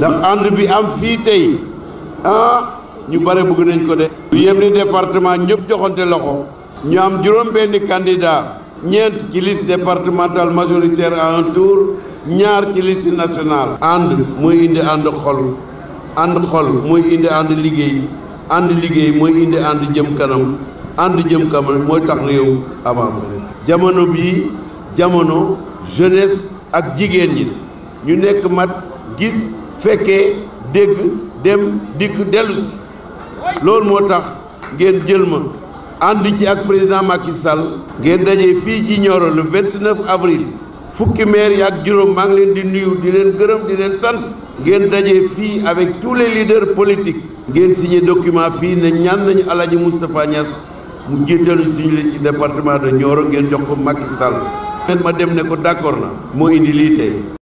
ndax ànd bi am fii tey ah ñu bare bëgg nañ ko de bu yem ni département ñëpp joxante loxo ñu am juróom benn candidat ñeent ci liste départementale majoritaire à un tour ñaar ci liste nationale ànd mooy indi ànd xol ànd xol mooy indi ànd liggéey ànd liggéey mooy indi ànd jëm kanam ànd jëm kanam mooy tax réew avancé jamono bii jamono jeunesse ak jigéen ñi ñu nekk mat gis fekkee dégg dem dik dellu si loolu moo tax ngeen jël ma ci ak président Macky Sall ngeen dajé fi ci Nioro le 29 avril fukki maire yak ak juróom maa ngi leen di nuyu di leen gërëm di leen sant ngeen dajé fi avec tous les leaders politiques ngeen signé document fi ne ñaan nañu Aladji Moustapha Niass mu jiitalu suñu la ci département de Nioro ngeen jox ko Macky Sall. ma dem ne ko d'accord na mo indi lité